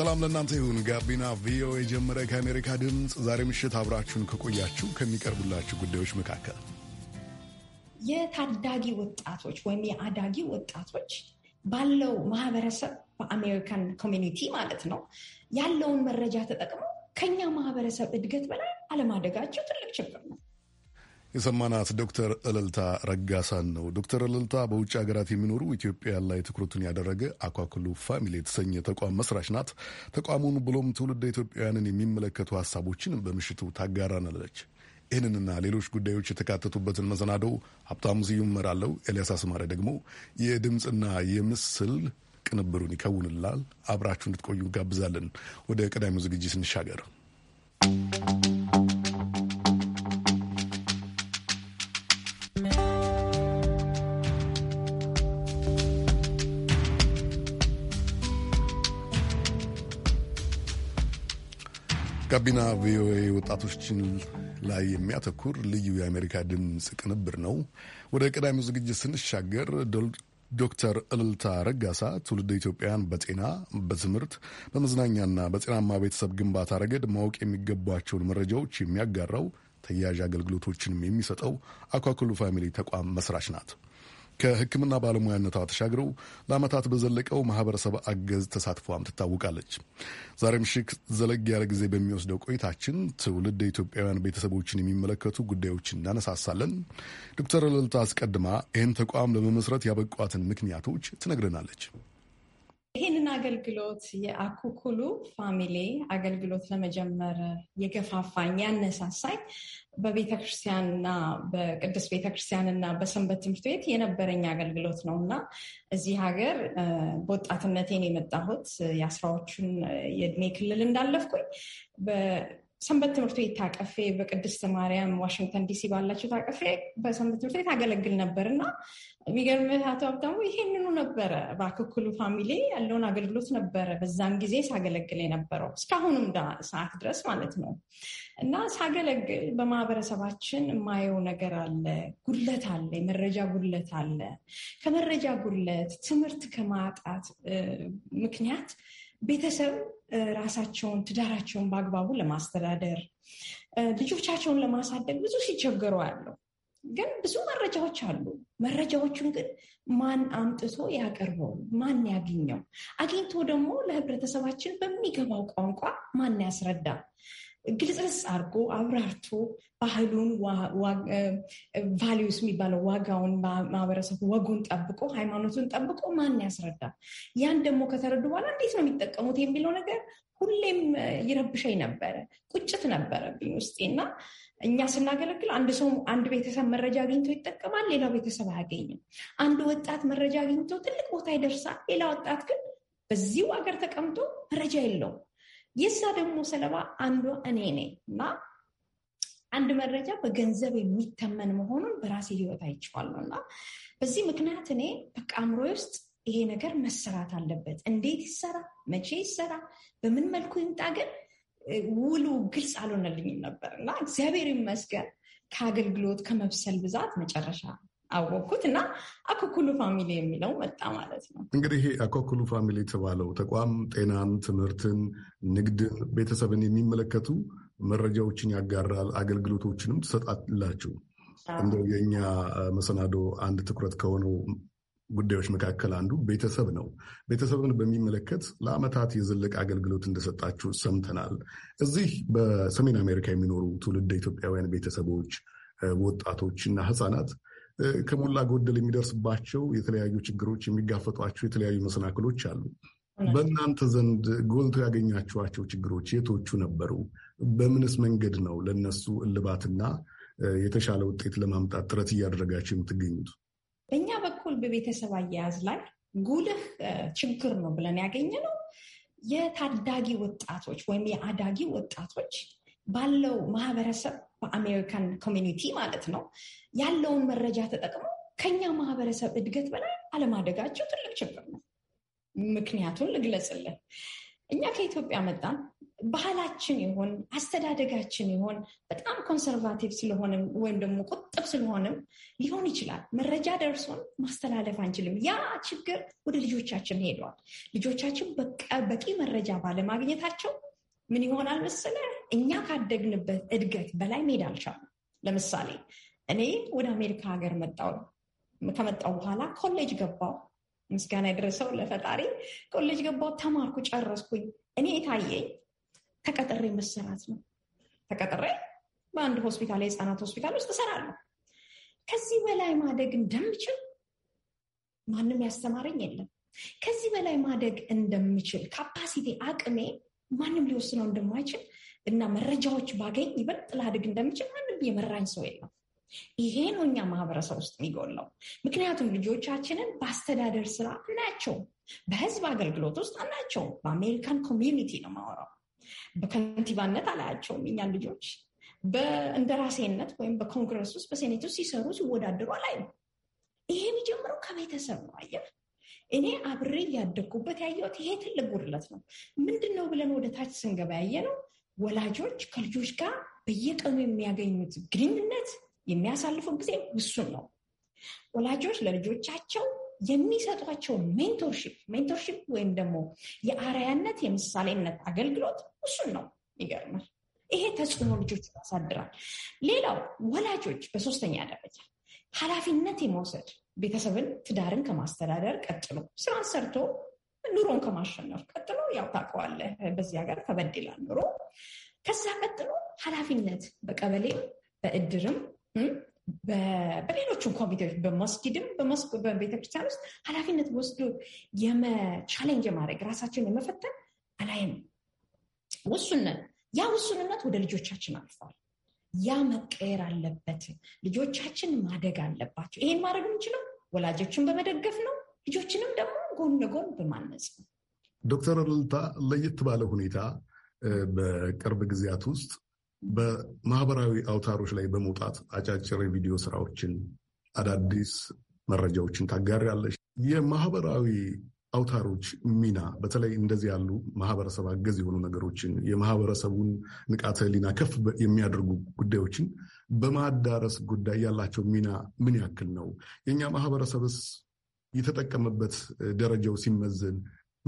ሰላም ለእናንተ ይሁን። ጋቢና ቪኦኤ ጀመረ። ከአሜሪካ ድምፅ ዛሬ ምሽት አብራችሁን ከቆያችሁ ከሚቀርቡላችሁ ጉዳዮች መካከል የታዳጊ ወጣቶች ወይም የአዳጊ ወጣቶች ባለው ማህበረሰብ በአሜሪካን ኮሚኒቲ ማለት ነው ያለውን መረጃ ተጠቅመው ከኛ ማህበረሰብ እድገት በላይ አለማደጋቸው ትልቅ ችግር ነው። የሰማናት ዶክተር እልልታ ረጋሳን ነው። ዶክተር እልልታ በውጭ ሀገራት የሚኖሩ ኢትዮጵያ ላይ ትኩረቱን ያደረገ አኳክሉ ፋሚሊ የተሰኘ ተቋም መስራች ናት። ተቋሙን ብሎም ትውልደ ኢትዮጵያውያንን የሚመለከቱ ሀሳቦችን በምሽቱ ታጋራናለች። ይህንንና ሌሎች ጉዳዮች የተካተቱበትን መሰናዶ ሀብታሙ ስዩም እመራለሁ። ኤልያስ አስማሪ ደግሞ የድምፅና የምስል ቅንብሩን ይከውንላል። አብራችሁ እንድትቆዩ ጋብዛለን። ወደ ቀዳሚው ዝግጅት እንሻገር። ጋቢና ቪኦኤ ወጣቶችን ላይ የሚያተኩር ልዩ የአሜሪካ ድምፅ ቅንብር ነው። ወደ ቀዳሚው ዝግጅት ስንሻገር ዶክተር እልልታ ረጋሳ ትውልድ ኢትዮጵያን በጤና በትምህርት፣ በመዝናኛና በጤናማ ቤተሰብ ግንባታ ረገድ ማወቅ የሚገባቸውን መረጃዎች የሚያጋራው ተያያዥ አገልግሎቶችንም የሚሰጠው አኳክሉ ፋሚሊ ተቋም መስራች ናት። ከሕክምና ባለሙያነቷ ተሻግረው ለዓመታት በዘለቀው ማህበረሰብ አገዝ ተሳትፏም ትታወቃለች። ዛሬ ምሽት ዘለግ ያለ ጊዜ በሚወስደው ቆይታችን ትውልድ የኢትዮጵያውያን ቤተሰቦችን የሚመለከቱ ጉዳዮችን እናነሳሳለን። ዶክተር እልልታ አስቀድማ ይህን ተቋም ለመመስረት ያበቋትን ምክንያቶች ትነግረናለች። ይህንን አገልግሎት የአኩኩሉ ፋሚሊ አገልግሎት ለመጀመር የገፋፋኝ ያነሳሳኝ በቤተክርስቲያንና ክርስቲያንና በቅዱስ ቤተ በሰንበት ትምህርት ቤት የነበረኝ አገልግሎት ነው እና እዚህ ሀገር በወጣትነቴን የመጣሁት የአስራዎቹን የእድሜ ክልል እንዳለፍኩኝ ሰንበት ትምህርት ቤት ታቀፌ በቅድስት ማርያም ዋሽንግተን ዲሲ ባላቸው ታቀፌ በሰንበት ትምህርት ቤት አገለግል ነበር እና የሚገርም አቶ ሀብታሙ ይሄንኑ ነበረ። በአክኩሉ ፋሚሊ ያለውን አገልግሎት ነበረ በዛን ጊዜ ሳገለግል የነበረው እስካሁንም ሰዓት ድረስ ማለት ነው። እና ሳገለግል በማህበረሰባችን የማየው ነገር አለ፣ ጉለት አለ፣ የመረጃ ጉለት አለ። ከመረጃ ጉድለት ትምህርት ከማጣት ምክንያት ቤተሰብ ራሳቸውን ትዳራቸውን በአግባቡ ለማስተዳደር ልጆቻቸውን ለማሳደግ ብዙ ሲቸገሩ አለው። ግን ብዙ መረጃዎች አሉ። መረጃዎቹን ግን ማን አምጥቶ ያቀርበው? ማን ያግኘው? አግኝቶ ደግሞ ለህብረተሰባችን በሚገባው ቋንቋ ማን ያስረዳ? ግልጽልጽ አድርጎ አብራርቶ ባህሉን ቫሊዩስ የሚባለው ዋጋውን ማህበረሰቡ ወጉን ጠብቆ ሃይማኖቱን ጠብቆ ማን ያስረዳል? ያን ደግሞ ከተረዱ በኋላ እንዴት ነው የሚጠቀሙት የሚለው ነገር ሁሌም ይረብሸኝ ነበረ። ቁጭት ነበረብኝ ውስጤና እኛ ስናገለግል አንድ ሰው አንድ ቤተሰብ መረጃ አግኝቶ ይጠቀማል፣ ሌላው ቤተሰብ አያገኝም። አንድ ወጣት መረጃ አግኝቶ ትልቅ ቦታ ይደርሳል፣ ሌላ ወጣት ግን በዚሁ ሀገር ተቀምጦ መረጃ የለውም። የዛ ደግሞ ሰለባ አንዷ እኔ ነኝ እና አንድ መረጃ በገንዘብ የሚተመን መሆኑን በራሴ ህይወት አይቼዋለሁ እና በዚህ ምክንያት እኔ በቃ አእምሮዬ ውስጥ ይሄ ነገር መሰራት አለበት። እንዴት ይሰራ፣ መቼ ይሰራ፣ በምን መልኩ ይምጣ ግን ውሉ ግልጽ አልሆነልኝም ነበር እና እግዚአብሔር ይመስገን ከአገልግሎት ከመብሰል ብዛት መጨረሻ አወቅኩት እና አኮኩሉ ፋሚሊ የሚለው መጣ ማለት ነው። እንግዲህ ይሄ አኮኩሉ ፋሚሊ የተባለው ተቋም ጤናን፣ ትምህርትን፣ ንግድን፣ ቤተሰብን የሚመለከቱ መረጃዎችን ያጋራል፣ አገልግሎቶችንም ትሰጣላችሁ። እንደው የእኛ መሰናዶ አንድ ትኩረት ከሆነው ጉዳዮች መካከል አንዱ ቤተሰብ ነው። ቤተሰብን በሚመለከት ለአመታት የዘለቀ አገልግሎት እንደሰጣችሁ ሰምተናል። እዚህ በሰሜን አሜሪካ የሚኖሩ ትውልደ ኢትዮጵያውያን ቤተሰቦች፣ ወጣቶች እና ህፃናት። ከሞላ ጎደል የሚደርስባቸው የተለያዩ ችግሮች፣ የሚጋፈጧቸው የተለያዩ መሰናክሎች አሉ። በእናንተ ዘንድ ጎልቶ ያገኛችኋቸው ችግሮች የቶቹ ነበሩ? በምንስ መንገድ ነው ለነሱ እልባትና የተሻለ ውጤት ለማምጣት ጥረት እያደረጋቸው የምትገኙት? በእኛ በኩል በቤተሰብ አያያዝ ላይ ጉልህ ችግር ነው ብለን ያገኘነው የታዳጊ ወጣቶች ወይም የአዳጊ ወጣቶች ባለው ማህበረሰብ በአሜሪካን ኮሚኒቲ ማለት ነው ያለውን መረጃ ተጠቅሞ ከኛ ማህበረሰብ እድገት በላይ አለማደጋቸው ትልቅ ችግር ነው። ምክንያቱን ልግለጽልን። እኛ ከኢትዮጵያ መጣን። ባህላችን ይሆን አስተዳደጋችን ይሆን በጣም ኮንሰርቫቲቭ ስለሆንም ወይም ደግሞ ቁጥብ ስለሆንም ሊሆን ይችላል። መረጃ ደርሶን ማስተላለፍ አንችልም። ያ ችግር ወደ ልጆቻችን ሄደዋል። ልጆቻችን በቂ መረጃ ባለማግኘታቸው ምን ይሆናል መሰለህ እኛ ካደግንበት እድገት በላይ መሄድ አልቻሉ። ለምሳሌ እኔ ወደ አሜሪካ ሀገር መጣው ከመጣው በኋላ ኮሌጅ ገባው ምስጋና የደረሰው ለፈጣሪ። ኮሌጅ ገባው ተማርኩ፣ ጨረስኩኝ። እኔ የታየኝ ተቀጥሬ መሰራት ነው። ተቀጥሬ በአንድ ሆስፒታል፣ የህፃናት ሆስፒታል ውስጥ እሰራለሁ። ከዚህ በላይ ማደግ እንደምችል ማንም ያስተማረኝ የለም። ከዚህ በላይ ማደግ እንደምችል ካፓሲቲ አቅሜ ማንም ሊወስነው እንደማይችል እና መረጃዎች ባገኝ ይበልጥ ላድግ እንደምችል ማንም የመራኝ ሰው የለም። ይሄ ነው እኛ ማህበረሰብ ውስጥ የሚጎላው። ምክንያቱም ልጆቻችንን በአስተዳደር ስራ አናያቸውም፣ በህዝብ አገልግሎት ውስጥ አናያቸውም። በአሜሪካን ኮሚዩኒቲ ነው ማወራው። በከንቲባነት አላያቸውም እኛን ልጆች ራሴነት ወይም በኮንግረስ ውስጥ በሴኔት ውስጥ ሲሰሩ ሲወዳደሩ አላይም። ይሄ የሚጀምረው ከቤተሰብ ነው። አየህ እኔ አብሬ ያደግኩበት ያየሁት ይሄ ትልቅ ጉድለት ነው። ምንድን ነው ብለን ወደ ታች ስንገባ ያየ ነው ወላጆች ከልጆች ጋር በየቀኑ የሚያገኙት ግንኙነት የሚያሳልፈው ጊዜ ውሱን ነው። ወላጆች ለልጆቻቸው የሚሰጧቸው ሜንቶርሺፕ ሜንቶርሺፕ ወይም ደግሞ የአርያነት የምሳሌነት አገልግሎት ውሱን ነው። ይገርማል። ይሄ ተጽዕኖ ልጆች ያሳድራል። ሌላው ወላጆች በሶስተኛ ደረጃ ኃላፊነት የመውሰድ ቤተሰብን፣ ትዳርን ከማስተዳደር ቀጥሎ ስራን ሰርቶ ኑሮን ከማሸነፍ ቀጥሎ ያው ታውቀዋለህ፣ በዚህ ሀገር ከበድ ኑሮ። ከዛ ቀጥሎ ኃላፊነት በቀበሌም በእድርም በሌሎችም ኮሚቴዎች በመስጊድም በቤተክርስቲያን ውስጥ ኃላፊነት ወስዶ የመቻሌንጅ የማድረግ ራሳቸውን የመፈተን አላይም ውሱነት ያ ውሱንነት ወደ ልጆቻችን አልፏል። ያ መቀየር አለበት። ልጆቻችን ማደግ አለባቸው። ይሄን ማድረግ የምንችለው ወላጆችን በመደገፍ ነው። ልጆችንም ደግሞ ጎን ለጎን በማነጽ ነው። ዶክተር ልልታ ለየት ባለ ሁኔታ በቅርብ ጊዜያት ውስጥ በማህበራዊ አውታሮች ላይ በመውጣት አጫጭር የቪዲዮ ስራዎችን፣ አዳዲስ መረጃዎችን ታጋሪያለሽ። የማህበራዊ አውታሮች ሚና በተለይ እንደዚህ ያሉ ማህበረሰብ አገዝ የሆኑ ነገሮችን የማህበረሰቡን ንቃተ ሕሊና ከፍ የሚያደርጉ ጉዳዮችን በማዳረስ ጉዳይ ያላቸው ሚና ምን ያክል ነው? የእኛ ማህበረሰብስ የተጠቀመበት ደረጃው ሲመዘን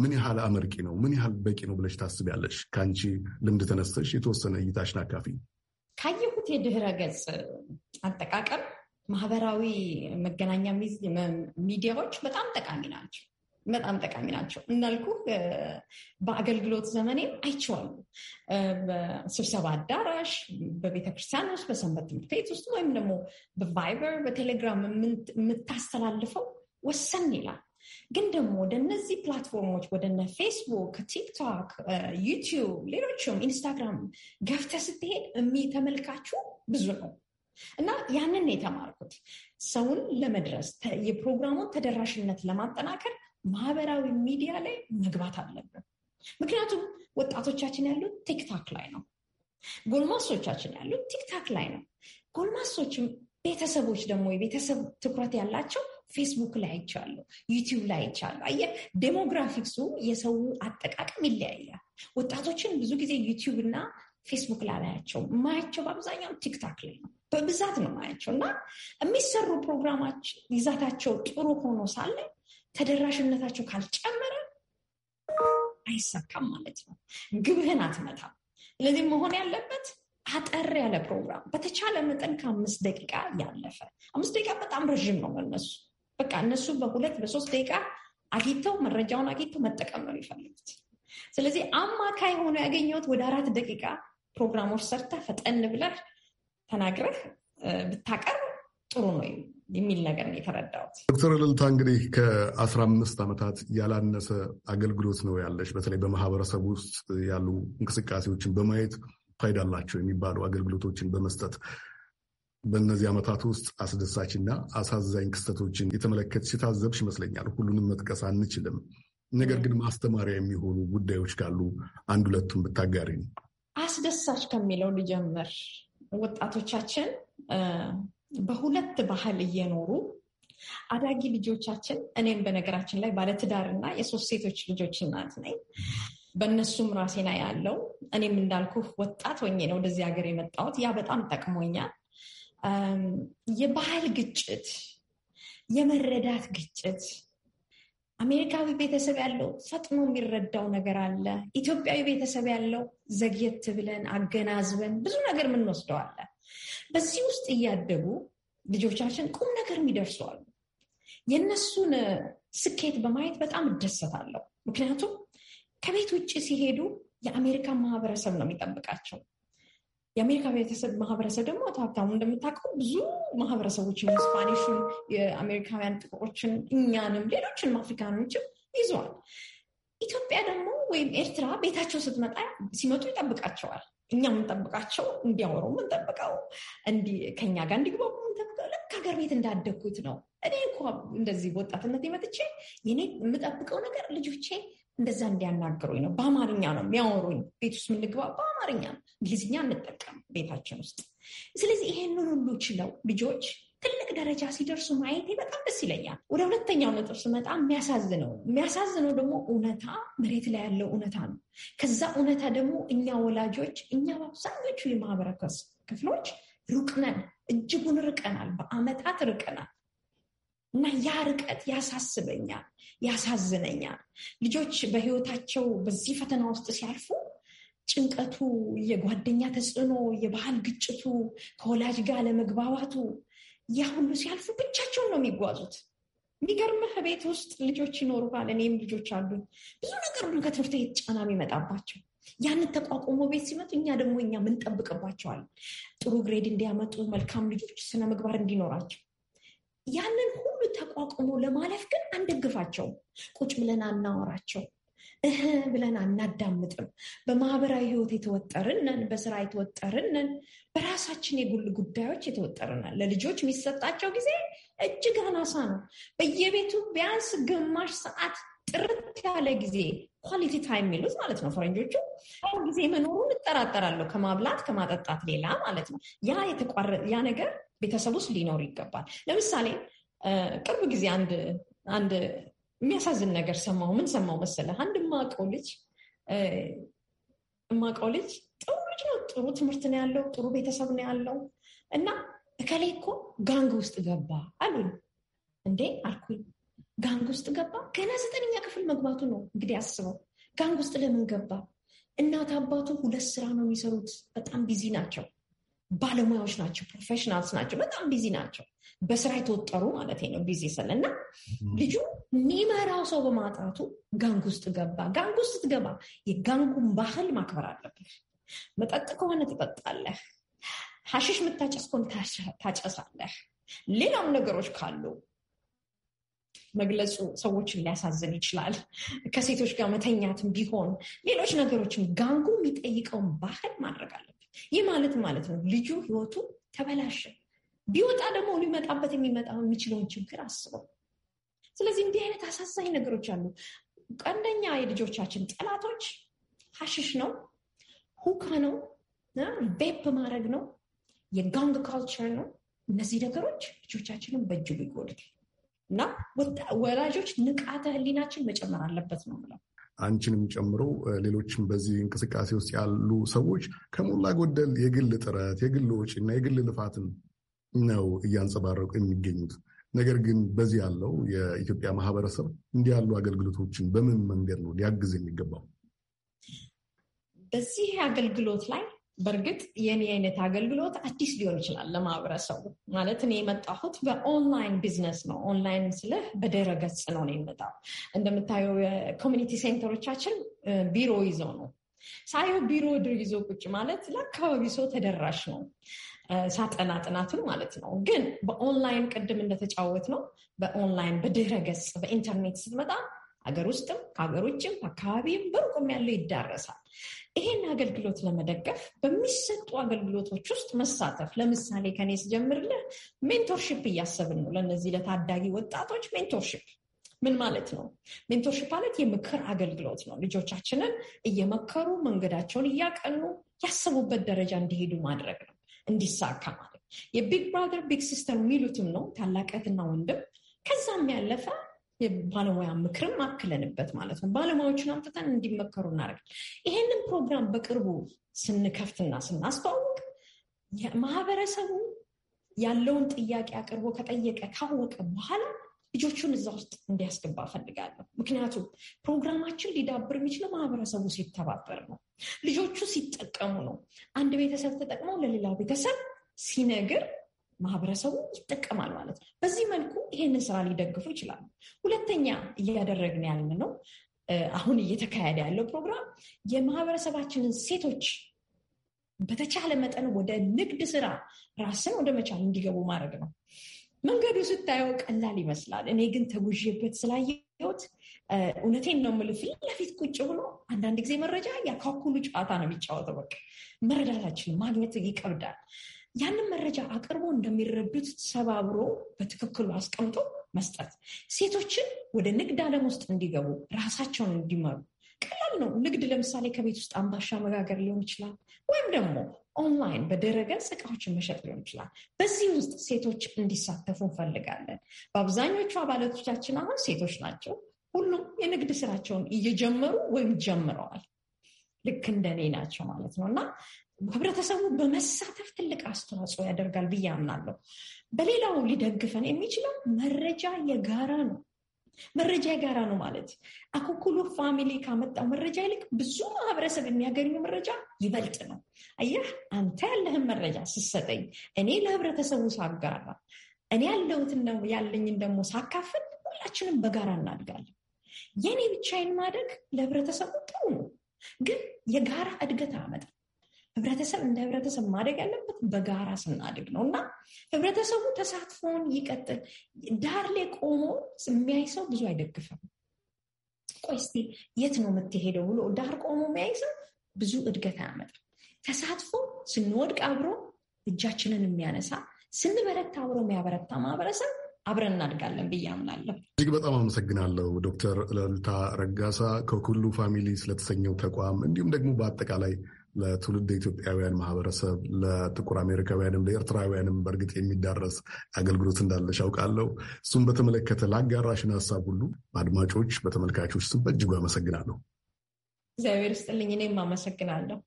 ምን ያህል አመርቂ ነው፣ ምን ያህል በቂ ነው ብለሽ ታስቢያለሽ? ከአንቺ ልምድ ተነስተሽ የተወሰነ እይታሽን አካፊ። ካየሁት የድህረ ገጽ አጠቃቀም ማህበራዊ መገናኛ ሚዲያዎች በጣም ጠቃሚ ናቸው በጣም ጠቃሚ ናቸው እንዳልኩ በአገልግሎት ዘመኔም አይቼዋለሁ። በስብሰባ አዳራሽ፣ በቤተክርስቲያን ውስጥ፣ በሰንበት ትምህርት ቤት ውስጥ ወይም ደግሞ በቫይበር በቴሌግራም የምታስተላልፈው ወሰን ይላል። ግን ደግሞ ወደ እነዚህ ፕላትፎርሞች ወደነ ፌስቡክ፣ ቲክቶክ፣ ዩቲዩብ፣ ሌሎችም ኢንስታግራም ገፍተ ስትሄድ የሚተመልካችሁ ብዙ ነው እና ያንን የተማርኩት ሰውን ለመድረስ የፕሮግራሙን ተደራሽነት ለማጠናከር ማህበራዊ ሚዲያ ላይ መግባት አለብን። ምክንያቱም ወጣቶቻችን ያሉት ቲክታክ ላይ ነው። ጎልማሶቻችን ያሉት ቲክታክ ላይ ነው። ጎልማሶችም ቤተሰቦች ደግሞ የቤተሰብ ትኩረት ያላቸው ፌስቡክ ላይ አይቻለሁ፣ ዩቲዩብ ላይ አይቻለሁ። አየህ ዴሞግራፊክሱ የሰው አጠቃቀም ይለያያል። ወጣቶችን ብዙ ጊዜ ዩቲዩብ እና ፌስቡክ ላይ አላያቸው። ማያቸው በአብዛኛው ቲክታክ ላይ ነው በብዛት ነው ማያቸው። እና የሚሰሩ ፕሮግራማች ይዛታቸው ጥሩ ሆኖ ሳለ ተደራሽነታቸው ካልጨመረ አይሳካም ማለት ነው። ግብህን አትመታም። ስለዚህ መሆን ያለበት አጠር ያለ ፕሮግራም በተቻለ መጠን ከአምስት ደቂቃ ያለፈ። አምስት ደቂቃ በጣም ረዥም ነው መነሱ። በቃ እነሱ በሁለት በሶስት ደቂቃ አግኝተው መረጃውን አግኝተው መጠቀም ነው የሚፈልጉት። ስለዚህ አማካይ ሆኖ ያገኘሁት ወደ አራት ደቂቃ ፕሮግራሞች ሰርተ ፈጠን ብለህ ተናግረህ ብታቀርብ ጥሩ ነው የሚል ነገር ነው የተረዳሁት። ዶክተር እልልታ እንግዲህ ከአስራ አምስት ዓመታት ያላነሰ አገልግሎት ነው ያለች። በተለይ በማህበረሰብ ውስጥ ያሉ እንቅስቃሴዎችን በማየት ፋይዳ አላቸው የሚባሉ አገልግሎቶችን በመስጠት በእነዚህ ዓመታት ውስጥ አስደሳችና አሳዛኝ ክስተቶችን የተመለከትሽ የታዘብሽ ይመስለኛል። ሁሉንም መጥቀስ አንችልም። ነገር ግን ማስተማሪያ የሚሆኑ ጉዳዮች ካሉ አንድ ሁለቱን ብታጋሪ ነው። አስደሳች ከሚለው ልጀምር። ወጣቶቻችን በሁለት ባህል እየኖሩ አዳጊ ልጆቻችን እኔም በነገራችን ላይ ባለትዳርና የሶስት ሴቶች ልጆች እናት ነኝ። በእነሱም ራሴና ያለው እኔም እንዳልኩ ወጣት ሆኜ ነው ወደዚህ ሀገር የመጣሁት። ያ በጣም ጠቅሞኛል። የባህል ግጭት፣ የመረዳት ግጭት አሜሪካዊ ቤተሰብ ያለው ፈጥኖ የሚረዳው ነገር አለ። ኢትዮጵያዊ ቤተሰብ ያለው ዘግየት ብለን አገናዝበን ብዙ ነገር የምንወስደው አለ። በዚህ ውስጥ እያደጉ ልጆቻችን ቁም ነገር የሚደርሱ አሉ። የእነሱን ስኬት በማየት በጣም እደሰታለሁ። ምክንያቱም ከቤት ውጭ ሲሄዱ የአሜሪካን ማህበረሰብ ነው የሚጠብቃቸው። የአሜሪካ ቤተሰብ ማህበረሰብ ደግሞ ሀብታሙ እንደምታውቀው ብዙ ማህበረሰቦችን ስፓኒሹን፣ የአሜሪካውያን ጥቁሮችን፣ እኛንም ሌሎችንም አፍሪካኖችም ይዘዋል። ኢትዮጵያ ደግሞ ወይም ኤርትራ ቤታቸው ስትመጣ ሲመጡ ይጠብቃቸዋል። እኛ የምንጠብቃቸው እንዲያወሩ የምንጠብቀው ከኛ ጋር እንዲግባቡ የምንጠብቀው ልክ ሀገር ቤት እንዳደግኩት ነው። እኔ እኮ እንደዚህ ወጣትነት መጥቼ የኔ የምጠብቀው ነገር ልጆቼ እንደዛ እንዲያናግሩኝ ነው። በአማርኛ ነው የሚያወሩኝ። ቤት ውስጥ የምንግባ በአማርኛ ነው፣ እንግሊዝኛ እንጠቀም ቤታችን ውስጥ። ስለዚህ ይሄንን ሁሉ ችለው ልጆች ትልቅ ደረጃ ሲደርሱ ማየቴ በጣም ደስ ይለኛል። ወደ ሁለተኛው ነጥብ ስመጣ የሚያሳዝነው የሚያሳዝነው ደግሞ እውነታ መሬት ላይ ያለው እውነታ ነው። ከዛ እውነታ ደግሞ እኛ ወላጆች እኛ በአብዛኞቹ የማህበረከስ ክፍሎች ሩቅ ነን፣ እጅጉን ርቀናል፣ በአመታት ርቀናል። እና ያ ርቀት ያሳስበኛል፣ ያሳዝነኛል። ልጆች በህይወታቸው በዚህ ፈተና ውስጥ ሲያልፉ ጭንቀቱ፣ የጓደኛ ተጽዕኖ፣ የባህል ግጭቱ፣ ከወላጅ ጋር ለመግባባቱ ያ ሁሉ ሲያልፉ ብቻቸውን ነው የሚጓዙት። የሚገርምህ ቤት ውስጥ ልጆች ይኖሩሃል፣ እኔም ልጆች አሉኝ። ብዙ ነገር ሁሉ ከትምህርት ቤት ጫና የሚመጣባቸው ያን ተቋቁሞ ቤት ሲመጡ እኛ ደግሞ እኛ ምንጠብቅባቸዋል፣ ጥሩ ግሬድ እንዲያመጡ፣ መልካም ልጆች ስነ ምግባር እንዲኖራቸው ያንን ተቋቁሞ ለማለፍ ግን አንደግፋቸውም። ቁጭ ብለን አናወራቸው እህ ብለን አናዳምጥም። በማህበራዊ ህይወት የተወጠርንን፣ በስራ የተወጠርንን፣ በራሳችን የጉል ጉዳዮች የተወጠርናል። ለልጆች የሚሰጣቸው ጊዜ እጅግ አናሳ ነው። በየቤቱ ቢያንስ ግማሽ ሰዓት ጥርት ያለ ጊዜ ኳሊቲ ታይም የሚሉት ማለት ነው ፈረንጆቹ። አሁን ጊዜ መኖሩን እጠራጠራለሁ፣ ከማብላት ከማጠጣት ሌላ ማለት ነው። ያ ነገር ቤተሰብ ውስጥ ሊኖር ይገባል። ለምሳሌ ቅርብ ጊዜ አንድ አንድ የሚያሳዝን ነገር ሰማው። ምን ሰማው መሰለህ? አንድ የማውቀው ልጅ የማውቀው ልጅ ጥሩ ልጅ ነው፣ ጥሩ ትምህርት ነው ያለው፣ ጥሩ ቤተሰብ ነው ያለው እና እከሌ እኮ ጋንግ ውስጥ ገባ አሉ። እንዴ አልኩኝ። ጋንግ ውስጥ ገባ? ገና ዘጠነኛ ክፍል መግባቱ ነው እንግዲህ አስበው። ጋንግ ውስጥ ለምን ገባ? እናት አባቱ ሁለት ስራ ነው የሚሰሩት፣ በጣም ቢዚ ናቸው። ባለሙያዎች ናቸው፣ ፕሮፌሽናልስ ናቸው፣ በጣም ቢዚ ናቸው። በስራ የተወጠሩ ማለት ነው። ቢዚ ስል እና ልጁ የሚመራው ሰው በማጣቱ ጋንግ ውስጥ ገባ። ጋንግ ውስጥ ስትገባ የጋንጉን ባህል ማክበር አለብህ። መጠጥ ከሆነ ትጠጣለህ፣ ሀሽሽ የምታጨስ ከሆነ ታጨሳለህ። ሌላም ነገሮች ካሉ መግለጹ ሰዎችን ሊያሳዝን ይችላል። ከሴቶች ጋር መተኛትም ቢሆን ሌሎች ነገሮችም ጋንጉ የሚጠይቀውን ባህል ማድረግ አለብህ። ይህ ማለት ማለት ነው ልጁ ህይወቱ ተበላሸ። ቢወጣ ደግሞ ሊመጣበት የሚመጣው የሚችለውን ችግር አስበው። ስለዚህ እንዲህ አይነት አሳዛኝ ነገሮች አሉ። ቀንደኛ የልጆቻችን ጠላቶች ሀሽሽ ነው፣ ሁካ ነው፣ ቤፕ ማድረግ ነው፣ የጋንግ ካልቸር ነው። እነዚህ ነገሮች ልጆቻችንን በእጅጉ ይጎዳል እና ወላጆች ንቃተ ህሊናችን መጨመር አለበት ነው ምለው አንቺንም ጨምሮ ሌሎችም በዚህ እንቅስቃሴ ውስጥ ያሉ ሰዎች ከሞላ ጎደል የግል ጥረት፣ የግል ወጪ እና የግል ልፋትን ነው እያንጸባረቁ የሚገኙት። ነገር ግን በዚህ ያለው የኢትዮጵያ ማህበረሰብ እንዲህ ያሉ አገልግሎቶችን በምን መንገድ ነው ሊያግዝ የሚገባው? በዚህ አገልግሎት ላይ በእርግጥ የኔ አይነት አገልግሎት አዲስ ሊሆን ይችላል ለማህበረሰቡ። ማለት እኔ የመጣሁት በኦንላይን ቢዝነስ ነው። ኦንላይን ስልህ ገጽ ነው ነው የመጣው። እንደምታየው የኮሚኒቲ ሴንተሮቻችን ቢሮ ይዘው ነው ሳየው፣ ቢሮ ድር ይዞ ቁጭ ማለት ለአካባቢ ሰው ተደራሽ ነው። ሳጠና ጥናትን ማለት ነው። ግን በኦንላይን ቅድም እንደተጫወት ነው በኦንላይን በድረ ገጽ በኢንተርኔት ስትመጣ ሀገር ውስጥም ከሀገር ውጭም አካባቢም በሩቅም ያለው ይዳረሳል። ይሄን አገልግሎት ለመደገፍ በሚሰጡ አገልግሎቶች ውስጥ መሳተፍ ለምሳሌ ከኔ ስጀምርልህ ሜንቶርሽፕ እያሰብን ነው። ለእነዚህ ለታዳጊ ወጣቶች ሜንቶርሽፕ ምን ማለት ነው? ሜንቶርሽፕ ማለት የምክር አገልግሎት ነው። ልጆቻችንን እየመከሩ መንገዳቸውን እያቀኑ ያሰቡበት ደረጃ እንዲሄዱ ማድረግ ነው፣ እንዲሳካ ማለት የቢግ ብራዘር ቢግ ሲስተር የሚሉትም ነው ታላቅ እህትና ወንድም ከዛም ያለፈ የባለሙያ ምክርም አክለንበት ማለት ነው። ባለሙያዎችን አምጥተን እንዲመከሩ እናደርጋል። ይሄንን ፕሮግራም በቅርቡ ስንከፍትና ስናስተዋውቅ ማህበረሰቡ ያለውን ጥያቄ አቅርቦ ከጠየቀ ካወቀ በኋላ ልጆቹን እዛ ውስጥ እንዲያስገባ ፈልጋለሁ። ምክንያቱም ፕሮግራማችን ሊዳብር የሚችለው ማህበረሰቡ ሲተባበር ነው፣ ልጆቹ ሲጠቀሙ ነው። አንድ ቤተሰብ ተጠቅመው ለሌላ ቤተሰብ ሲነግር ማህበረሰቡ ይጠቀማል ማለት ነው። በዚህ መልኩ ይህንን ስራ ሊደግፉ ይችላሉ። ሁለተኛ እያደረግን ነው አሁን እየተካሄደ ያለው ፕሮግራም የማህበረሰባችንን ሴቶች በተቻለ መጠን ወደ ንግድ ስራ ራስን ወደ መቻል እንዲገቡ ማድረግ ነው። መንገዱ ስታየው ቀላል ይመስላል። እኔ ግን ተጉዤበት ስላየሁት እውነቴን ነው የምልህ። ፊት ለፊት ቁጭ ብሎ አንዳንድ ጊዜ መረጃ ያካኩሉ ጨዋታ ነው የሚጫወተው። በቃ መረዳታችን ማግኘት ይከብዳል። ያንን መረጃ አቅርቦ እንደሚረዱት ሰባብሮ በትክክሉ አስቀምጦ መስጠት፣ ሴቶችን ወደ ንግድ ዓለም ውስጥ እንዲገቡ ራሳቸውን እንዲመሩ ቀላል ነው። ንግድ ለምሳሌ ከቤት ውስጥ አምባሻ መጋገር ሊሆን ይችላል፣ ወይም ደግሞ ኦንላይን በድረገጽ እቃዎችን መሸጥ ሊሆን ይችላል። በዚህ ውስጥ ሴቶች እንዲሳተፉ እንፈልጋለን። በአብዛኞቹ አባላቶቻችን አሁን ሴቶች ናቸው። ሁሉም የንግድ ስራቸውን እየጀመሩ ወይም ጀምረዋል። ልክ እንደኔ ናቸው ማለት ነው እና ህብረተሰቡ በመሳተፍ ትልቅ አስተዋጽኦ ያደርጋል ብዬ አምናለሁ። በሌላው ሊደግፈን የሚችለው መረጃ የጋራ ነው። መረጃ የጋራ ነው ማለት አኮኩሉ ፋሚሊ ካመጣው መረጃ ይልቅ ብዙ ማህበረሰብ የሚያገኙ መረጃ ይበልጥ ነው። አየህ አንተ ያለህን መረጃ ስትሰጠኝ እኔ ለህብረተሰቡ ሳጋራ፣ እኔ ያለሁትን ያለኝን ደግሞ ሳካፍል ሁላችንም በጋራ እናድጋለን። የኔ ብቻዬን ማደግ ለህብረተሰቡ ጥሩ ነው፣ ግን የጋራ እድገት አያመጣም። ህብረተሰብ እንደ ህብረተሰብ ማደግ ያለበት በጋራ ስናድግ ነው እና ህብረተሰቡ ተሳትፎውን ይቀጥል። ዳር ላይ ቆሞ የሚያይ ሰው ብዙ አይደግፍም። ቆይ እስኪ የት ነው የምትሄደው ብሎ ዳር ቆሞ የሚያይ ሰው ብዙ እድገት አያመጣም። ተሳትፎ ስንወድቅ አብሮ እጃችንን የሚያነሳ ስንበረታ አብሮ የሚያበረታ ማህበረሰብ አብረን እናድጋለን ብዬ አምናለሁ። እጅግ በጣም አመሰግናለሁ ዶክተር ለልታ ረጋሳ ከኩሉ ፋሚሊ ስለተሰኘው ተቋም እንዲሁም ደግሞ በአጠቃላይ ለትውልድ ኢትዮጵያውያን ማህበረሰብ፣ ለጥቁር አሜሪካውያንም ለኤርትራውያንም በእርግጥ የሚዳረስ አገልግሎት እንዳለሽ አውቃለሁ። እሱም በተመለከተ ለአጋራሽን ሀሳብ ሁሉ በአድማጮች በተመልካቾች ስም በእጅጉ አመሰግናለሁ። እግዚአብሔር ይስጥልኝ። እኔም አመሰግናለሁ።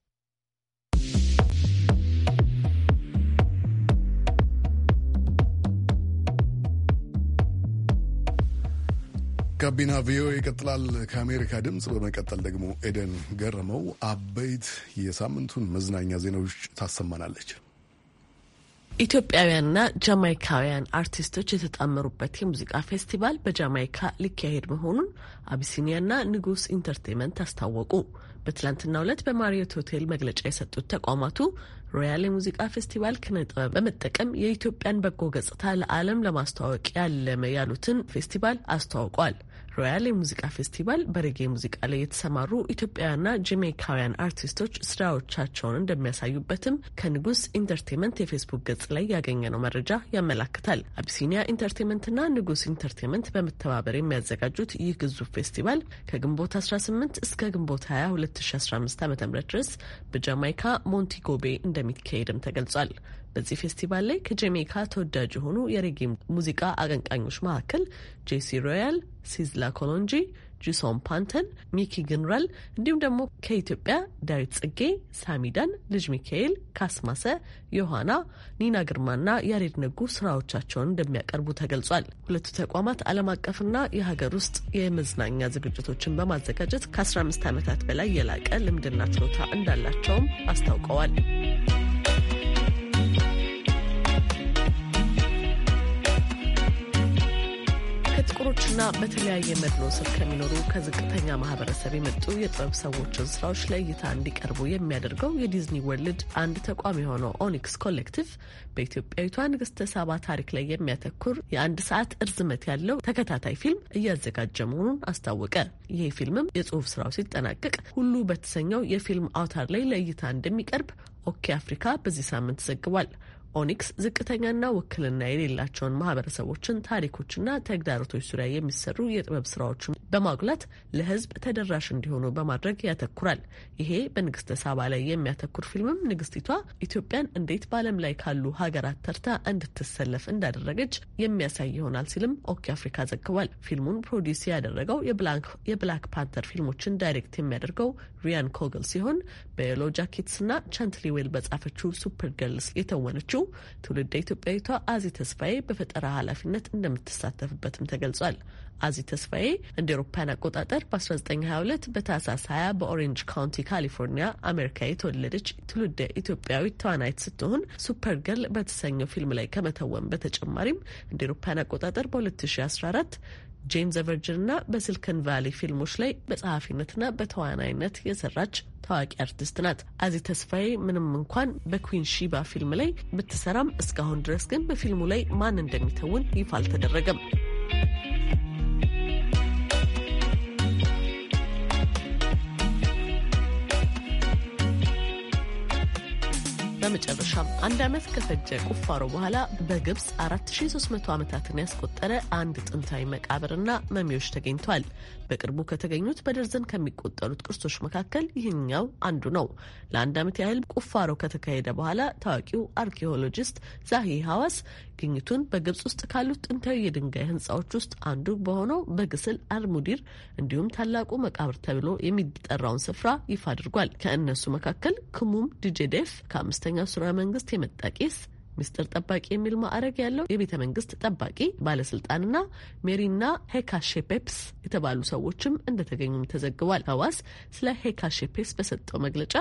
ጋቢና ቪኦኤ ይቀጥላል። ከአሜሪካ ድምፅ በመቀጠል ደግሞ ኤደን ገረመው አበይት የሳምንቱን መዝናኛ ዜናዎች ታሰማናለች። ኢትዮጵያውያንና ጃማይካውያን አርቲስቶች የተጣመሩበት የሙዚቃ ፌስቲቫል በጃማይካ ሊካሄድ መሆኑን አቢሲኒያና ንጉስ ኢንተርቴንመንት አስታወቁ። በትላንትናው ዕለት በማሪዮት ሆቴል መግለጫ የሰጡት ተቋማቱ ሮያል የሙዚቃ ፌስቲቫል ክነጥበብ ጥበብ በመጠቀም የኢትዮጵያን በጎ ገጽታ ለዓለም ለማስተዋወቅ ያለመ ያሉትን ፌስቲቫል አስተዋውቋል። ሮያል የሙዚቃ ፌስቲቫል በሬጌ ሙዚቃ ላይ የተሰማሩ ኢትዮጵያውያንና ጀሜይካውያን አርቲስቶች ስራዎቻቸውን እንደሚያሳዩበትም ከንጉስ ኢንተርቴንመንት የፌስቡክ ገጽ ላይ ያገኘነው መረጃ ያመላክታል። አቢሲኒያ ኢንተርቴንመንትና ንጉስ ኢንተርቴንመንት በመተባበር የሚያዘጋጁት ይህ ግዙፍ ፌስቲቫል ከግንቦት 18 እስከ ግንቦት 20 2015 ዓ ም ድረስ በጃማይካ ሞንቲጎቤ እንደሚካሄድም ተገልጿል። በዚህ ፌስቲቫል ላይ ከጀሜይካ ተወዳጅ የሆኑ የሬጌ ሙዚቃ አቀንቃኞች መካከል ጄሲ ሮያል፣ ሲዝላ ኮሎንጂ፣ ጂሶን ፓንተን፣ ሚኪ ግንራል እንዲሁም ደግሞ ከኢትዮጵያ ዳዊት ጽጌ፣ ሳሚዳን፣ ልጅ ሚካኤል፣ ካስማሰ፣ ዮሐና፣ ኒና ግርማና ያሬድ ነጉ ስራዎቻቸውን እንደሚያቀርቡ ተገልጿል። ሁለቱ ተቋማት ዓለም አቀፍና የሀገር ውስጥ የመዝናኛ ዝግጅቶችን በማዘጋጀት ከ15 ዓመታት በላይ የላቀ ልምድና ችሎታ እንዳላቸውም አስታውቀዋል። በጥቁሮችና በተለያየ መድሎ ስር ከሚኖሩ ከዝቅተኛ ማህበረሰብ የመጡ የጥበብ ሰዎችን ስራዎች ለእይታ እንዲቀርቡ የሚያደርገው የዲዝኒ ወርልድ አንድ ተቋም የሆነው ኦኒክስ ኮሌክቲቭ በኢትዮጵያዊቷ ንግስተ ሳባ ታሪክ ላይ የሚያተኩር የአንድ ሰዓት እርዝመት ያለው ተከታታይ ፊልም እያዘጋጀ መሆኑን አስታወቀ። ይህ ፊልምም የጽሁፍ ስራው ሲጠናቀቅ ሁሉ በተሰኘው የፊልም አውታር ላይ ለእይታ እንደሚቀርብ ኦኬ አፍሪካ በዚህ ሳምንት ዘግቧል። ኦኒክስ ዝቅተኛና ውክልና የሌላቸውን ማህበረሰቦችን ታሪኮችና ተግዳሮቶች ዙሪያ የሚሰሩ የጥበብ ስራዎችን በማጉላት ለህዝብ ተደራሽ እንዲሆኑ በማድረግ ያተኩራል። ይሄ በንግስተ ሳባ ላይ የሚያተኩር ፊልምም ንግስቲቷ ኢትዮጵያን እንዴት በዓለም ላይ ካሉ ሀገራት ተርታ እንድትሰለፍ እንዳደረገች የሚያሳይ ይሆናል ሲልም ኦኬ አፍሪካ ዘግቧል። ፊልሙን ፕሮዲስ ያደረገው የብላክ ፓንተር ፊልሞችን ዳይሬክት የሚያደርገው ሪያን ኮግል ሲሆን በየሎ ጃኬትስና ቻንትሊዌል በጻፈችው ሱፐር ገርልስ የተወነችው የሆነችው ትውልደ ኢትዮጵያዊቷ አዚ ተስፋዬ በፈጠራ ኃላፊነት እንደምትሳተፍበትም ተገልጿል። አዚ ተስፋዬ እንደ ኤሮፓያን አቆጣጠር በ1922 በታህሳስ 20 በኦሬንጅ ካውንቲ ካሊፎርኒያ አሜሪካ የተወለደች ትውልደ ኢትዮጵያዊት ተዋናይት ስትሆን ሱፐር ገርል በተሰኘው ፊልም ላይ ከመተወን በተጨማሪም እንደ ኤሮፓያን አቆጣጠር በ2014 ጄምስ ዘቨርጅን እና በሲሊከን ቫሊ ፊልሞች ላይ በጸሐፊነትና በተዋናይነት የሰራች ታዋቂ አርቲስት ናት። አዚ ተስፋዬ ምንም እንኳን በኩዊን ሺባ ፊልም ላይ ብትሰራም እስካሁን ድረስ ግን በፊልሙ ላይ ማን እንደሚተውን ይፋ አልተደረገም። በመጨረሻም አንድ ዓመት ከፈጀ ቁፋሮ በኋላ በግብፅ 4300 ዓመታትን ያስቆጠረ አንድ ጥንታዊ መቃብርና መሚዎች ተገኝቷል። በቅርቡ ከተገኙት በደርዘን ከሚቆጠሩት ቅርሶች መካከል ይህኛው አንዱ ነው። ለአንድ ዓመት ያህል ቁፋሮ ከተካሄደ በኋላ ታዋቂው አርኪኦሎጂስት ዛሂ ሐዋስ ግኝቱን በግብጽ ውስጥ ካሉት ጥንታዊ የድንጋይ ህንፃዎች ውስጥ አንዱ በሆነው በግስል አልሙዲር እንዲሁም ታላቁ መቃብር ተብሎ የሚጠራውን ስፍራ ይፋ አድርጓል። ከእነሱ መካከል ክሙም ዲጄዴፍ ከአምስተኛው ሱራ መንግስት የመጣ ቄስ ሚስጥር ጠባቂ የሚል ማዕረግ ያለው የቤተ መንግስት ጠባቂ ባለስልጣንና ሜሪና ሄካሼፔፕስ የተባሉ ሰዎችም እንደተገኙም ተዘግቧል። ሀዋስ ስለ ሄካሼፔፕስ በሰጠው መግለጫ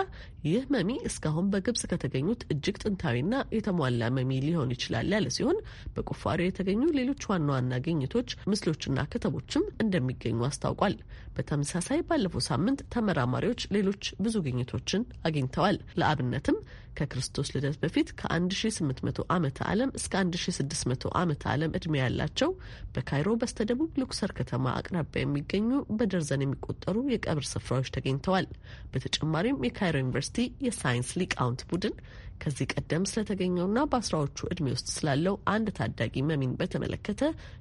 ይህ መሚ እስካሁን በግብጽ ከተገኙት እጅግ ጥንታዊና የተሟላ መሚ ሊሆን ይችላል ያለ ሲሆን በቁፋሪ የተገኙ ሌሎች ዋና ዋና ግኝቶች፣ ምስሎችና ከተቦችም እንደሚገኙ አስታውቋል። በተመሳሳይ ባለፈው ሳምንት ተመራማሪዎች ሌሎች ብዙ ግኝቶችን አግኝተዋል። ለአብነትም ከክርስቶስ ልደት በፊት ከ1800 ዓመተ ዓለም እስከ 1600 ዓመተ ዓለም ዕድሜ ያላቸው በካይሮ በስተደቡብ ሉክሰር ከተማ አቅራቢያ የሚገኙ በደርዘን የሚቆጠሩ የቀብር ስፍራዎች ተገኝተዋል። በተጨማሪም የካይሮ ዩኒቨርሲቲ የሳይንስ ሊቃውንት ቡድን ከዚህ ቀደም ስለተገኘውና በአስራዎቹ እድሜ ውስጥ ስላለው አንድ ታዳጊ መሚን በተመለከተ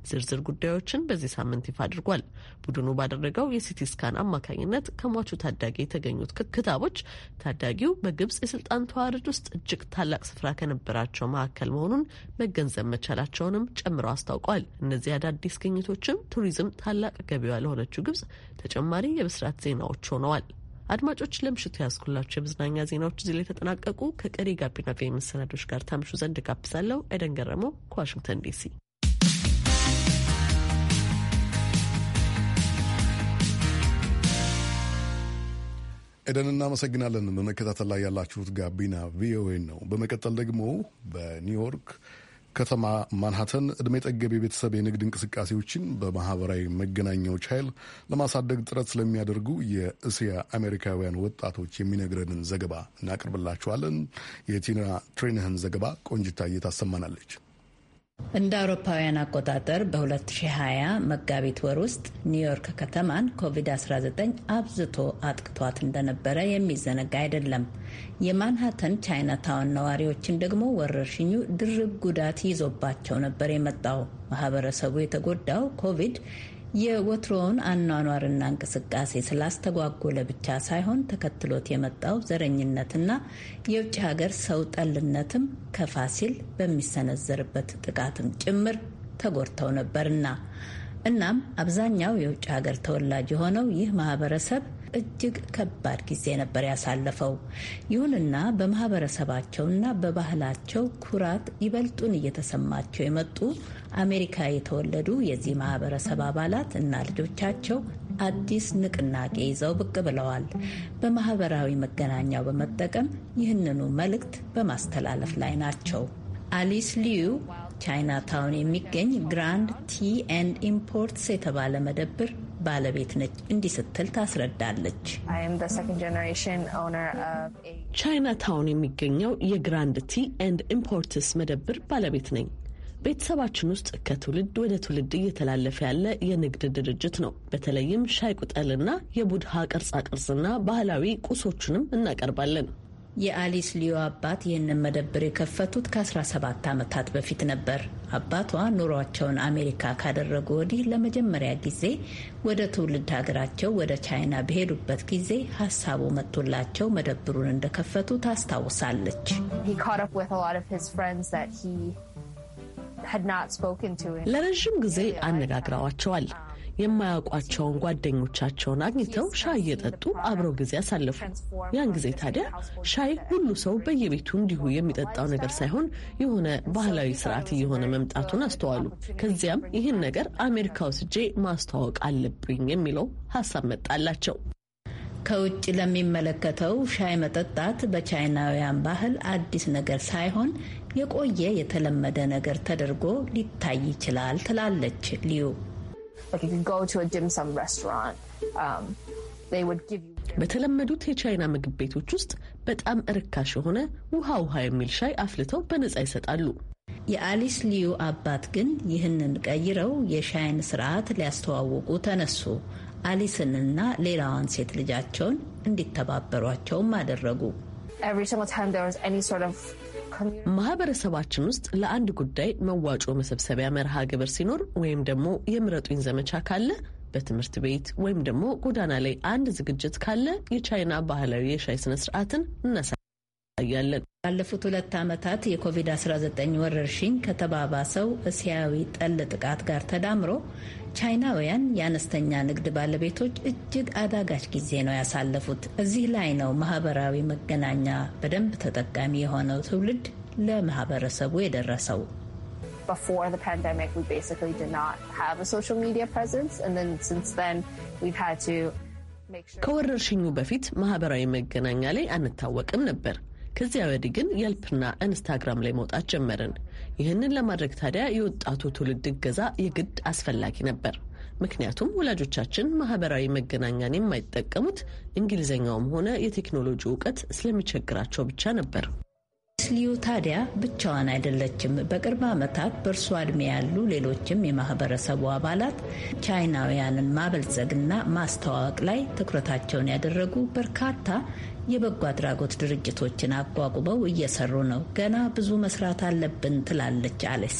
ዝርዝር ጉዳዮችን በዚህ ሳምንት ይፋ አድርጓል። ቡድኑ ባደረገው የሲቲ ስካን አማካኝነት ከሟቹ ታዳጊ የተገኙት ክታቦች ታዳጊው በግብጽ የስልጣን ተዋረድ ውስጥ እጅግ ታላቅ ስፍራ ከነበራቸው መካከል መሆኑን መገንዘብ መቻላቸውንም ጨምሮ አስታውቋል። እነዚህ አዳዲስ ግኝቶችም ቱሪዝም ታላቅ ገቢዋ ለሆነችው ግብጽ ተጨማሪ የብስራት ዜናዎች ሆነዋል። አድማጮች ለምሽቱ ያስኩላቸው የመዝናኛ ዜናዎች እዚህ ላይ ተጠናቀቁ። ከቀሪ ጋቢና ቪ መሰናዶች ጋር ታምሹ ዘንድ ጋብዛለሁ። ኤደን ገረመው ከዋሽንግተን ዲሲ ኤደን እናመሰግናለን። በመከታተል ላይ ያላችሁት ጋቢና ቪኦኤ ነው። በመቀጠል ደግሞ በኒውዮርክ ከተማ ማንሃተን እድሜ ጠገብ የቤተሰብ የንግድ እንቅስቃሴዎችን በማህበራዊ መገናኛዎች ኃይል ለማሳደግ ጥረት ስለሚያደርጉ የእስያ አሜሪካውያን ወጣቶች የሚነግረንን ዘገባ እናቀርብላችኋለን። የቲና ትሬንህን ዘገባ ቆንጅታ እየታሰማናለች። እንደ አውሮፓውያን አቆጣጠር በ2020 መጋቢት ወር ውስጥ ኒውዮርክ ከተማን ኮቪድ-19 አብዝቶ አጥቅቷት እንደነበረ የሚዘነጋ አይደለም። የማንሃተን ቻይናታውን ነዋሪዎችን ደግሞ ወረርሽኙ ድርብ ጉዳት ይዞባቸው ነበር የመጣው። ማህበረሰቡ የተጎዳው ኮቪድ የወትሮውን አኗኗርና እንቅስቃሴ ስላስተጓጎለ ብቻ ሳይሆን ተከትሎት የመጣው ዘረኝነትና የውጭ ሀገር ሰው ጠልነትም ከፋሲል በሚሰነዘርበት ጥቃትም ጭምር ተጎድተው ነበርና እናም አብዛኛው የውጭ ሀገር ተወላጅ የሆነው ይህ ማህበረሰብ እጅግ ከባድ ጊዜ ነበር ያሳለፈው። ይሁንና በማህበረሰባቸውና በባህላቸው ኩራት ይበልጡን እየተሰማቸው የመጡ አሜሪካ የተወለዱ የዚህ ማህበረሰብ አባላት እና ልጆቻቸው አዲስ ንቅናቄ ይዘው ብቅ ብለዋል። በማህበራዊ መገናኛው በመጠቀም ይህንኑ መልእክት በማስተላለፍ ላይ ናቸው። አሊስ ሊዩ ቻይና ታውን የሚገኝ ግራንድ ቲ ኤንድ ኢምፖርትስ የተባለ መደብር ባለቤት ነች። እንዲህ ስትል ታስረዳለች። ቻይና ታውን የሚገኘው የግራንድ ቲ ኤንድ ኢምፖርትስ መደብር ባለቤት ነኝ። ቤተሰባችን ውስጥ ከትውልድ ወደ ትውልድ እየተላለፈ ያለ የንግድ ድርጅት ነው። በተለይም ሻይ ቁጠልና የቡድሃ ቅርጻቅርጽና ባህላዊ ቁሶቹንም እናቀርባለን። የአሊስ ሊዮ አባት ይህንን መደብር የከፈቱት ከ17 ዓመታት በፊት ነበር። አባቷ ኑሯቸውን አሜሪካ ካደረጉ ወዲህ ለመጀመሪያ ጊዜ ወደ ትውልድ ሀገራቸው ወደ ቻይና በሄዱበት ጊዜ ሀሳቡ መጥቶላቸው መደብሩን እንደከፈቱ ታስታውሳለች። ለረዥም ጊዜ አነጋግረዋቸዋል። የማያውቋቸውን ጓደኞቻቸውን አግኝተው ሻይ እየጠጡ አብረው ጊዜ አሳለፉ። ያን ጊዜ ታዲያ ሻይ ሁሉ ሰው በየቤቱ እንዲሁ የሚጠጣው ነገር ሳይሆን የሆነ ባህላዊ ስርዓት እየሆነ መምጣቱን አስተዋሉ። ከዚያም ይህን ነገር አሜሪካ ወስጄ ማስተዋወቅ አለብኝ የሚለው ሀሳብ መጣላቸው። ከውጭ ለሚመለከተው ሻይ መጠጣት በቻይናውያን ባህል አዲስ ነገር ሳይሆን የቆየ የተለመደ ነገር ተደርጎ ሊታይ ይችላል ትላለች ሊዩ። በተለመዱት የቻይና ምግብ ቤቶች ውስጥ በጣም እርካሽ የሆነ ውሃ ውሃ የሚል ሻይ አፍልተው በነጻ ይሰጣሉ። የአሊስ ሊዩ አባት ግን ይህንን ቀይረው የሻይን ስርዓት ሊያስተዋውቁ ተነሱ። አሊስንና ሌላዋን ሴት ልጃቸውን እንዲተባበሯቸውም አደረጉ። ማህበረሰባችን ውስጥ ለአንድ ጉዳይ መዋጮ መሰብሰቢያ መርሃ ግብር ሲኖር ወይም ደግሞ የምረጡኝ ዘመቻ ካለ በትምህርት ቤት ወይም ደግሞ ጎዳና ላይ አንድ ዝግጅት ካለ የቻይና ባህላዊ የሻይ ስነ ስርዓትን እነሳ ያለን ባለፉት ሁለት ዓመታት የኮቪድ-19 ወረርሽኝ ከተባባሰው እስያዊ ጠል ጥቃት ጋር ተዳምሮ ቻይናውያን የአነስተኛ ንግድ ባለቤቶች እጅግ አዳጋች ጊዜ ነው ያሳለፉት። እዚህ ላይ ነው ማህበራዊ መገናኛ በደንብ ተጠቃሚ የሆነው ትውልድ ለማህበረሰቡ የደረሰው። ከወረርሽኙ በፊት ማህበራዊ መገናኛ ላይ አንታወቅም ነበር። ከዚያ ወዲህ ግን የልፕና ኢንስታግራም ላይ መውጣት ጀመርን። ይህንን ለማድረግ ታዲያ የወጣቱ ትውልድ እገዛ የግድ አስፈላጊ ነበር። ምክንያቱም ወላጆቻችን ማህበራዊ መገናኛን የማይጠቀሙት እንግሊዝኛውም ሆነ የቴክኖሎጂ እውቀት ስለሚቸግራቸው ብቻ ነበር። ሊዩ ታዲያ ብቻዋን አይደለችም። በቅርብ ዓመታት በእርሷ ዕድሜ ያሉ ሌሎችም የማህበረሰቡ አባላት ቻይናውያንን ማበልጸግና ማስተዋወቅ ላይ ትኩረታቸውን ያደረጉ በርካታ የበጎ አድራጎት ድርጅቶችን አቋቁመው እየሰሩ ነው። ገና ብዙ መስራት አለብን ትላለች አሌስ።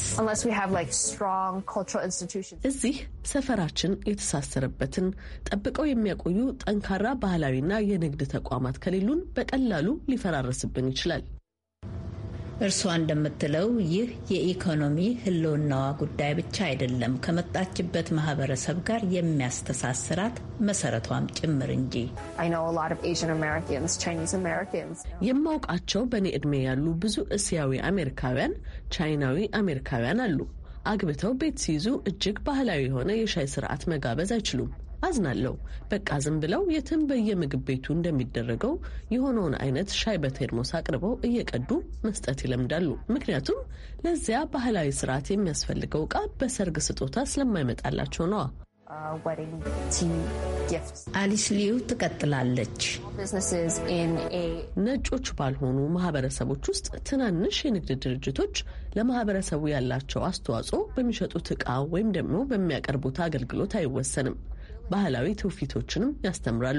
እዚህ ሰፈራችን የተሳሰረበትን ጠብቀው የሚያቆዩ ጠንካራ ባህላዊና የንግድ ተቋማት ከሌሉን በቀላሉ ሊፈራረስብን ይችላል። እርሷ እንደምትለው ይህ የኢኮኖሚ ሕልውናዋ ጉዳይ ብቻ አይደለም፣ ከመጣችበት ማህበረሰብ ጋር የሚያስተሳስራት መሰረቷም ጭምር እንጂ። የማውቃቸው በእኔ ዕድሜ ያሉ ብዙ እስያዊ አሜሪካውያን፣ ቻይናዊ አሜሪካውያን አሉ። አግብተው ቤት ሲይዙ እጅግ ባህላዊ የሆነ የሻይ ስርዓት መጋበዝ አይችሉም። አዝናለሁ። በቃ ዝም ብለው የትም በየምግብ ቤቱ እንደሚደረገው የሆነውን አይነት ሻይ በቴርሞስ አቅርበው እየቀዱ መስጠት ይለምዳሉ። ምክንያቱም ለዚያ ባህላዊ ስርዓት የሚያስፈልገው እቃ በሰርግ ስጦታ ስለማይመጣላቸው ነዋ። አሊስ ሊዩ ትቀጥላለች። ነጮች ባልሆኑ ማህበረሰቦች ውስጥ ትናንሽ የንግድ ድርጅቶች ለማህበረሰቡ ያላቸው አስተዋጽኦ በሚሸጡት ዕቃ ወይም ደግሞ በሚያቀርቡት አገልግሎት አይወሰንም። ባህላዊ ትውፊቶችንም ያስተምራሉ።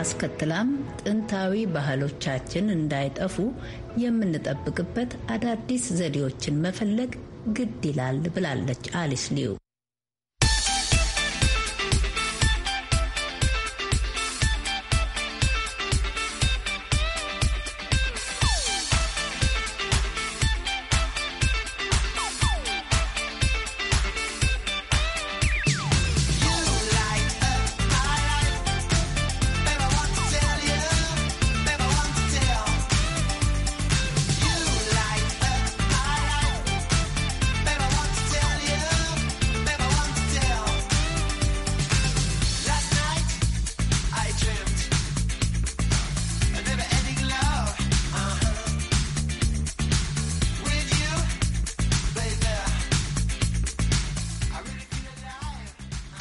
አስከትላም ጥንታዊ ባህሎቻችን እንዳይጠፉ የምንጠብቅበት አዳዲስ ዘዴዎችን መፈለግ ግድ ይላል ብላለች አሊስ ሊዩ።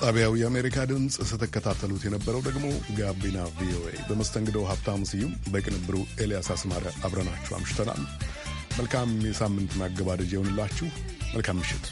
ጣቢያው የአሜሪካ ድምፅ ስትከታተሉት የነበረው ደግሞ ጋቢና ቪኦኤ በመስተንግደው ሀብታሙ ስዩም፣ በቅንብሩ ኤልያስ አስማረ አብረናችሁ አምሽተናል። መልካም የሳምንት ማገባደጅ የሆንላችሁ። መልካም ምሽት።